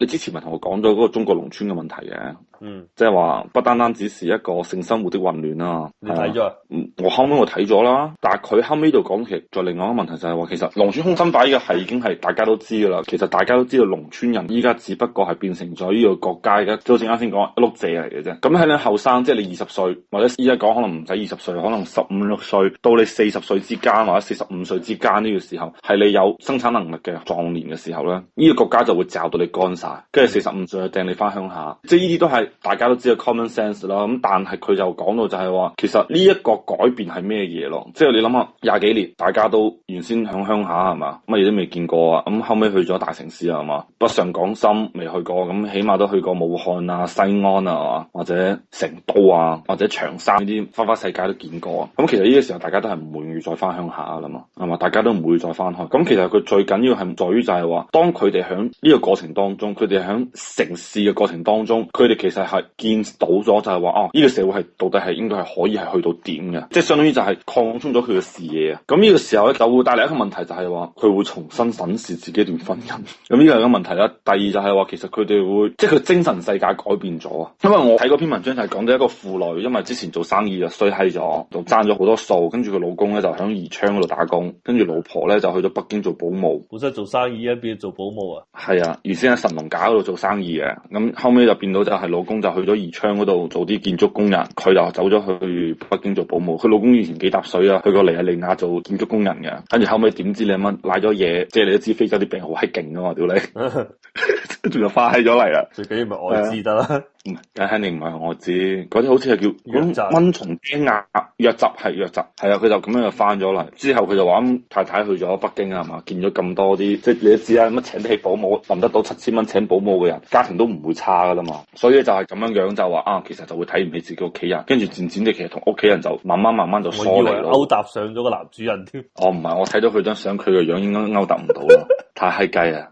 你之前咪同我講咗嗰個中國農村嘅問題嘅，嗯，即係話不單單只是一個性生活的混亂啦、啊，啊、你睇咗？我後屘我睇咗啦，但係佢後尾度講其實再另外一個問題就係話，其實農村空心化依個係已經係大家都知噶啦。其實大家都知道農村人依家只不過係變成咗呢個國家嘅，就好似啱先講一碌蔗嚟嘅啫。咁喺你後生，即係你二十歲或者依家講可能唔使二十歲，可能十五六歲到你四十歲之間或者四十五歲之間呢個時候，係你有生產能力嘅壯年嘅時候咧，呢、呢個國家就會罩到你幹曬。跟住四十五歲就掟你翻鄉下，即係呢啲都係大家都知道 common sense 啦。咁但係佢就講到就係話，其實呢一個改變係咩嘢咯？即係你諗下，廿幾年大家都原先響鄉下係嘛，乜嘢都未見過啊。咁後尾去咗大城市啊，係嘛，北上廣深未去過，咁起碼都去過武漢啊、西安啊，或者成都啊，或者長沙呢啲花花世界都見過。咁其實呢個時候大家都係唔會願意再翻鄉下啦嘛，係嘛，大家都唔會再翻去。咁其實佢最緊要係在於就係話，當佢哋響呢個過程當中。佢哋喺城市嘅過程當中，佢哋其實係見到咗，就係話哦，呢個社會係到底係應該係可以係去到點嘅，即係相當於就係擴充咗佢嘅視野啊。咁呢個時候咧就會帶嚟一個問題就，就係話佢會重新審視自己段婚姻。咁呢個係個問題啦。第二就係話，其實佢哋會即係佢精神世界改變咗啊。因為我睇嗰篇文章就係講到一個婦女，因為之前做生意啊，衰閪咗，就爭咗好多數，跟住佢老公咧就喺宜昌嗰度打工，跟住老婆咧就去咗北京做保姆。本身做生意變成做保姆啊，係啊，原先喺神龍，搞嗰度做生意嘅，咁後尾就變到就係老公就去咗宜昌嗰度做啲建築工人，佢就走咗去北京做保姆。佢老公以前幾搭水啊，去過尼亞利亞做建築工人嘅。跟住後尾點知你阿蚊賴咗嘢，即係你都知非洲啲病好閪勁噶嘛，屌你，跟住就快咗嚟啦。最緊要咪我知得啦，唔肯定唔係我知，嗰啲好似係叫蚊蟲驚壓藥習係藥習，係蟲啊，佢就咁樣就翻咗嚟。之後佢就話：太太，太去咗北京啊嘛，見咗咁多啲，即係你都知啊，乜請得起保姆揾得到七千蚊保姆嘅人，家庭都唔會差噶啦嘛，所以就係咁樣樣就話、是、啊，其實就會睇唔起自己屋企人，跟住漸漸地其實同屋企人就慢慢慢慢就疏離啦。我以為勾搭上咗個男主人添，哦唔係，我睇到佢張相，佢嘅樣應該勾搭唔到咯。 太閪計啊！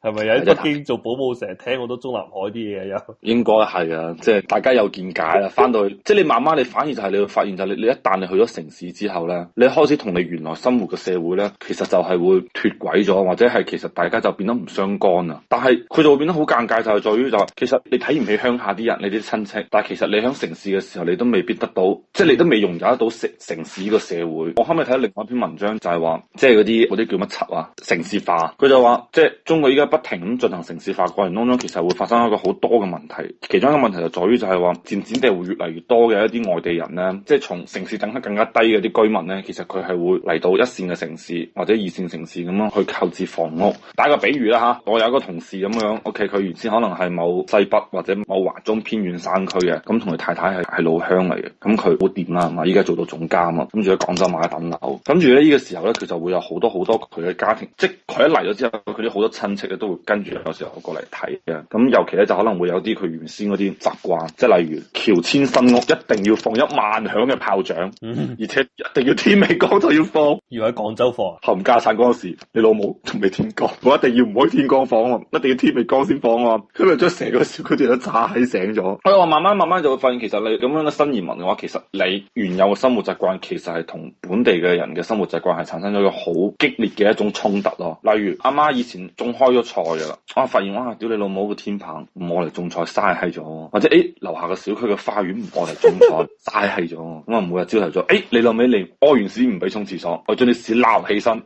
誒，係咪有一啲做保姆成日的聽好多中南海啲嘢啊？ 應該係啊，即係大家有見解啦。翻到去，即係你慢慢，你反而就係你會發現，就係你你一旦你去咗城市之後咧，你開始同你原來生活嘅社會咧，其實就係會脫軌咗，或者係其實大家就變得唔相干啊。但係佢就會變得好尷尬，就係在於就係其實你睇唔起鄉下啲人，你啲親戚，但係其實你喺城市嘅時候，你都未必得到，即係你都未融入得到城城市呢個社會。我後尾睇另外一篇文章就，就係話，即係嗰啲嗰啲叫乜柒啊？城市化就話，即係中國依家不停咁進行城市化過程當中，其實會發生一個好多嘅問題。其中一個問題就在於，就係話漸漸地會越嚟越多嘅一啲外地人咧，即係從城市等級更加低嘅啲居民咧，其實佢係會嚟到一線嘅城市或者二線城市咁樣去購置房屋。打個比喻啦吓，我有一個同事咁樣，屋企佢原先可能係某西北或者某華中偏遠山區嘅，咁同佢太太係係老鄉嚟嘅，咁佢好掂啦，咁依家做到總監啊，跟住喺廣州買緊樓，跟住咧依個時候咧，佢就會有好多好多佢嘅家庭，即係佢一嚟咗。之後佢啲好多親戚咧都會跟住有時候過嚟睇嘅，咁尤其咧就可能會有啲佢原先嗰啲習慣，即係例如喬遷新屋一定要放一萬響嘅炮仗，嗯、哼而且一定要天未光就要放。要喺廣州放啊！冚家散嗰時，你老母仲未天光，我一定要唔可以天光放喎、啊，一定要天未光先放喎、啊。咁咪將成個小區啲人炸起醒咗。佢話、嗯、慢慢慢慢就會發現，其實你咁樣嘅新移民嘅話，其實你原有嘅生活習慣其實係同本地嘅人嘅生活習慣係產生咗一個好激烈嘅一種衝突咯、啊。例如，阿媽以前種開咗菜噶啦，我發現哇，屌你老母個天棚唔我嚟種菜，嘥氣咗。或者誒，樓、欸、下個小區嘅花園唔我嚟種菜，嘥氣咗。我每日朝頭早，誒、嗯，你老味嚟屙完屎唔俾沖廁所，我將啲屎撈起身。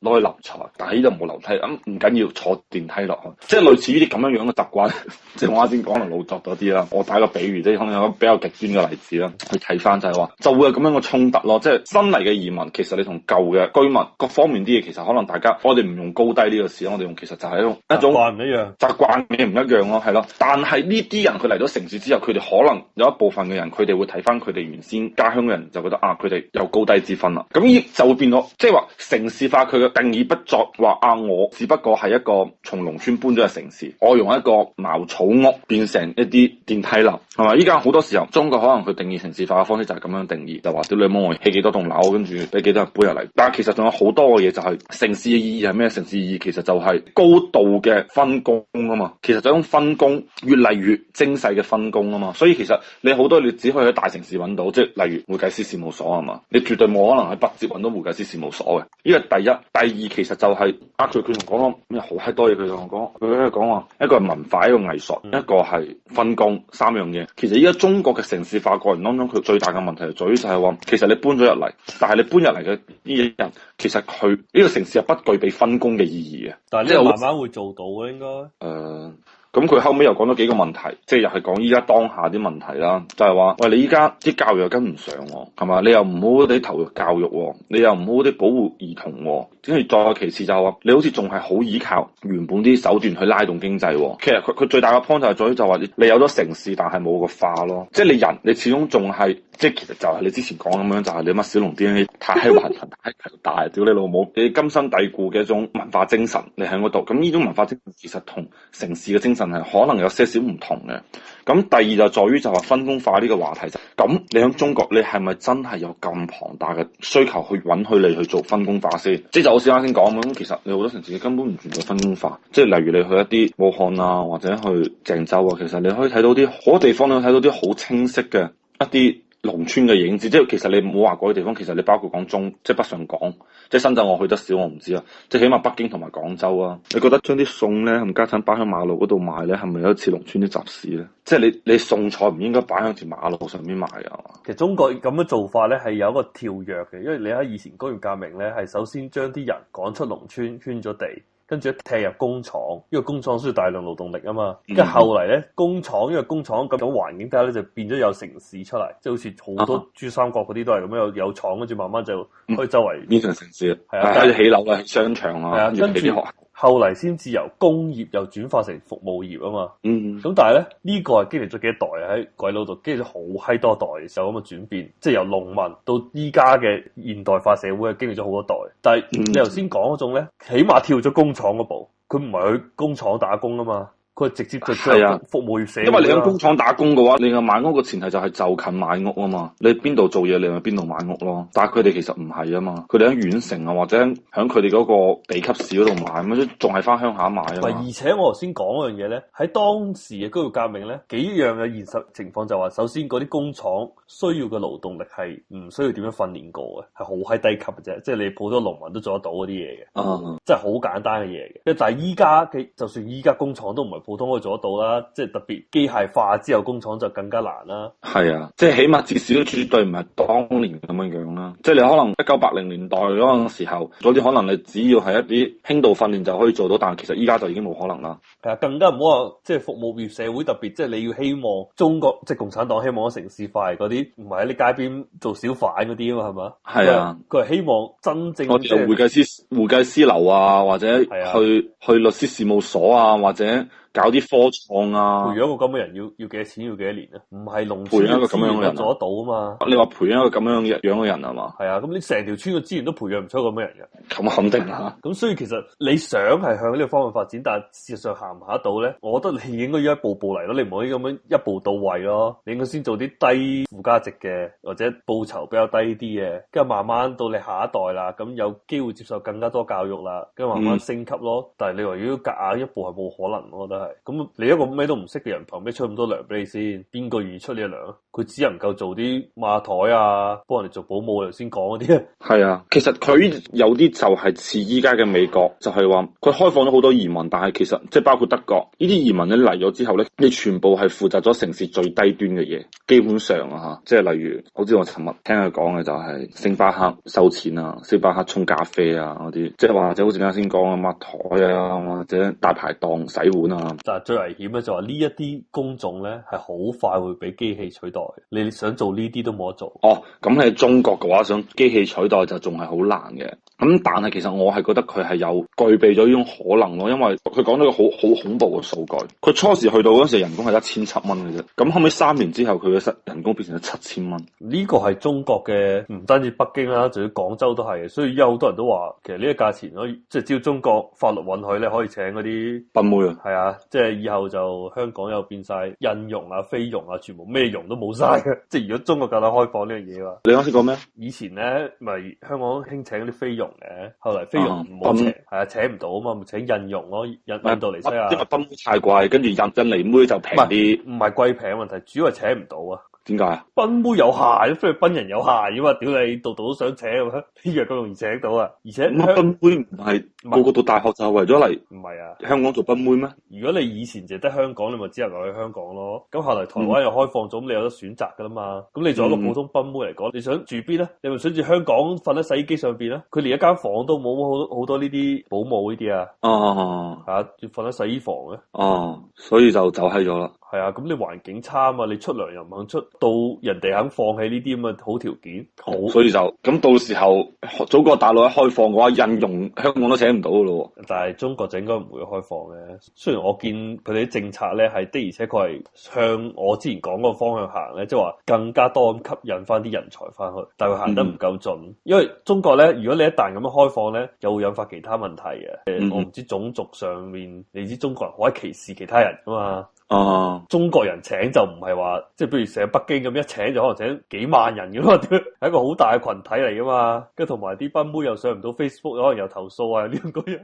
攞去立材，但係呢度冇樓梯，咁唔緊要，坐電梯落去，即係類似於啲咁樣樣嘅習慣。 即係我啱先講，可能老作咗啲啦。我打個比喻，即可能有個比較極端嘅例子啦，去睇翻就係話，就會有咁樣嘅衝突咯。即係新嚟嘅移民，其實你同舊嘅居民各方面啲嘢，其實可能大家我哋唔用高低呢個詞，我哋用其實就係一種習慣唔一樣，習慣唔一樣咯，係咯。但係呢啲人佢嚟咗城市之後，佢哋可能有一部分嘅人，佢哋會睇翻佢哋原先家鄉嘅人，就覺得啊，佢哋有高低之分啦。咁就會變咗，即係話城市化佢嘅。定義不作話啊！我只不過係一個從農村搬咗入城市，我用一個茅草屋變成一啲電梯樓，係嘛？依家好多時候，中國可能佢定義城市化嘅方式就係咁樣定義，就話屌你幫我起幾多棟樓，跟住俾幾多人搬入嚟。但係其實仲有好多嘅嘢就係城市嘅意義係咩？城市意義，市意義其實就係高度嘅分工啊嘛。其實就種分工越嚟越精細嘅分工啊嘛。所以其實你好多你只可以喺大城市揾到，即係例如會計師事務所係嘛？你絕對冇可能喺北捷揾到會計師事務所嘅。呢個第一。第二其實就係呃住佢同我講咩好閪多嘢。佢同我講，佢喺度講話一個係文化，一個係藝術，一個係分工三樣嘢。其實依家中國嘅城市化過程當中，佢最大嘅問題就喺就係話，其實你搬咗入嚟，但係你搬入嚟嘅呢啲人，其實佢呢、呢個城市又不具備分工嘅意義啊。但係你慢慢會做到嘅應該。誒、呃。咁佢後尾又講咗幾個問題，即係又係講依家當下啲問題啦，就係、是、話喂，你依家啲教育又跟唔上喎，係嘛？你又唔好啲投入教育喎，你又唔好啲保護兒童喎。跟住再其次就話，你好似仲係好依靠原本啲手段去拉動經濟喎。其實佢佢最大嘅 point 就係在於就話、是、你有咗城市，但係冇個化咯。即、就、係、是、你人，你始終仲係即係其實就係你之前講咁樣，就係、是、你乜小龍啲太橫行大，大屌 你老母，你根深蒂固嘅一種文化精神，你喺嗰度。咁呢種文化精神其實同城市嘅精神。係可能有些少唔同嘅，咁第二就是、在於就話分工化呢個話題，就咁、是、你響中國，你係咪真係有咁龐大嘅需求去允許你去做分工化先？即係就好似啱先講咁，其實你好多城市根本唔存在分工化，即係例如你去一啲武漢啊，或者去鄭州啊，其實你可以睇到啲好多地方你睇到啲好清晰嘅一啲農村嘅影子，即係其實你唔好話嗰啲地方，其實你包括廣東，即係北上廣，即係深圳，我去得少，我唔知啊。即係起碼北京同埋廣州啊，你覺得將啲餸咧，係家產擺喺馬路嗰度賣咧，係咪有一次農村啲集市咧？即係你你送菜唔應該擺喺條馬路上面賣啊？其實中國咁嘅做法咧係有一個跳躍嘅，因為你喺以前工業革命咧係首先將啲人趕出農村，圈咗地。跟住一踢入工廠，因為工廠需要大量勞動力啊嘛。咁後嚟咧，工廠，因為工廠咁種環境底下咧，就變咗有城市出嚟，即係好似好多珠三角嗰啲都係咁樣有有廠，跟住慢慢就去周圍變成、嗯、城市係啊，跟住起樓啊，起商場啊，越嚟越學校。後嚟先至由工業又轉化成服務業啊嘛，咁、嗯嗯、但係咧，呢個係經歷咗幾多代，喺鬼佬度經歷咗好閪多代嘅時候咁嘅轉變，即係由農民到依家嘅現代化社會係經歷咗好多代。但係你頭先講嗰種咧，嗯嗯，起碼跳咗工廠嗰步，佢唔係去工廠打工啊嘛。佢直接就係啊！服務業社、啊啊，因為你喺工廠打工嘅話，你啊買屋嘅前提就係就近買屋啊嘛。你邊度做嘢，你咪邊度買屋咯。但係佢哋其實唔係啊嘛，佢哋喺縣城啊，或者喺佢哋嗰個地級市嗰度買嘛，咁都仲係翻鄉下買啊。而且我頭先講嗰樣嘢咧，喺當時嘅工業革命咧，幾樣嘅現實情況就話、是，首先嗰啲工廠需要嘅勞動力係唔需要點樣訓練過嘅，係好閪低級嘅啫，即係你普通農民都做得到嗰啲嘢嘅，即係好簡單嘅嘢嘅。咁但係依家嘅，就算依家工廠都唔係。普通可以做得到啦，即係特別機械化之後，工廠就更加難啦。係啊，即係起碼至少絕對唔係當年咁樣樣啦。即係你可能一九八零年代嗰陣時候，嗰啲可能你只要係一啲輕度訓練就可以做到，但係其實依家就已經冇可能啦。係啊，更加唔好話即係服務業社會特別，特別即係你要希望中國即係共產黨希望城市化嗰啲，唔係喺你街邊做小販嗰啲啊嘛，係咪？係啊，佢係希望真正我哋做會計師、會計師樓啊，或者去、啊、去律師事務所啊，或者。搞啲科創啊！培養一個咁嘅人要要幾多錢？要幾多年咧？唔係農村，培養一個咁樣嘅人做得到啊嘛？你話培養一個咁樣嘅樣嘅人係嘛？係啊，咁、啊、你成條村嘅資源都培養唔出個咁樣嘅人嘅，咁肯定吓。咁所以其實你想係向呢個方向發展，但係事實上行唔行得到咧？我覺得你應該要一步步嚟咯，你唔可以咁樣一步到位咯。你應該先做啲低附加值嘅，或者報酬比較低啲嘅，跟住慢慢到你下一代啦，咁有機會接受更加多教育啦，跟住慢慢升級咯。嗯、但係你話如果夾硬一步係冇可能，我覺得。咁，你一個咩都唔識嘅人，憑咩出咁多糧俾你先？邊個願意出呢一糧？佢只能夠做啲抹台啊，幫人哋做保姆啊，頭先講嗰啲。係啊，其實佢有啲就係似依家嘅美國，就係話佢開放咗好多移民，但係其實即係包括德國呢啲移民咧嚟咗之後咧，你全部係負責咗城市最低端嘅嘢，基本上啊吓，即係例如，好似我琴日聽佢講嘅就係、是、星巴克收錢啊，星巴克沖咖啡啊嗰啲，即係或者好似啱先講啊抹台啊，或者大排檔、啊、洗碗啊。但係最危險咧、就是，就話呢一啲工種咧，係好快會俾機器取代。你想做呢啲都冇得做。哦，咁喺中國嘅話，想機器取代就仲係好難嘅。咁但係其實我係覺得佢係有具備咗呢種可能咯，因為佢講咗個好好恐怖嘅數據。佢初時去到嗰時人工係一千七蚊嘅啫，咁後尾三年之後佢嘅人工變成咗七千蚊。呢個係中國嘅，唔單止北京啦，仲要廣州都係。所以有好多人都話，其實呢個價錢可以，即係只要中國法律允許咧，可以請嗰啲賓妹。係啊。即係以後就香港又變晒印傭啊、菲傭啊，全部咩傭都冇晒嘅。的即係如果中國夠膽開放呢樣嘢話，你啱先講咩？以前咧咪香港興請啲菲傭嘅，後來菲傭唔好請，係啊，請唔到啊嘛，咪請印傭咯，印印度尼西亞。因為賓太貴，跟住入印尼妹就平啲。唔係貴平問題，主要係請唔到啊。點解啊？賓妹有限，不如賓人有限啊嘛！屌你，度度都想請啊嘛，邊樣咁容易請到啊？而且賓妹唔係個個讀大學就為咗嚟，唔係啊？香港做賓妹咩？如果你以前淨得香港，你咪只能留喺香港咯。咁後來台灣又開放咗，咁、嗯、你有得選擇噶啦嘛？咁你做咗普通賓妹嚟講，你想住邊咧？你咪想住香港瞓喺洗衣機上邊咧？佢連一間房都冇，好多好多呢啲保姆呢啲啊！哦、啊，吓要瞓喺洗衣房嘅哦、啊，所以就走喺咗啦。係啊，咁你環境差啊嘛，你出糧又唔肯出，到人哋肯放棄呢啲咁嘅好條件，好，所以就咁到時候祖國大陸一開放嘅話，印用香港都請唔到嘅咯。但係中國就應該唔會開放嘅。雖然我見佢哋啲政策咧係的，而且確係向我之前講個方向行咧，即係話更加多咁吸引翻啲人才翻去，但佢行得唔夠盡，嗯、因為中國咧，如果你一旦咁樣開放咧，又會引發其他問題嘅。誒、嗯，嗯、我唔知種族上面你知中國人可以歧視其他人噶嘛？啊！中國人請就唔係話，即係譬如成北京咁一,一請就可能請幾萬人嘅咯，係 一個好大嘅群體嚟噶嘛。跟住同埋啲賓妹又上唔到 Facebook，可能又投訴啊呢樣嗰樣。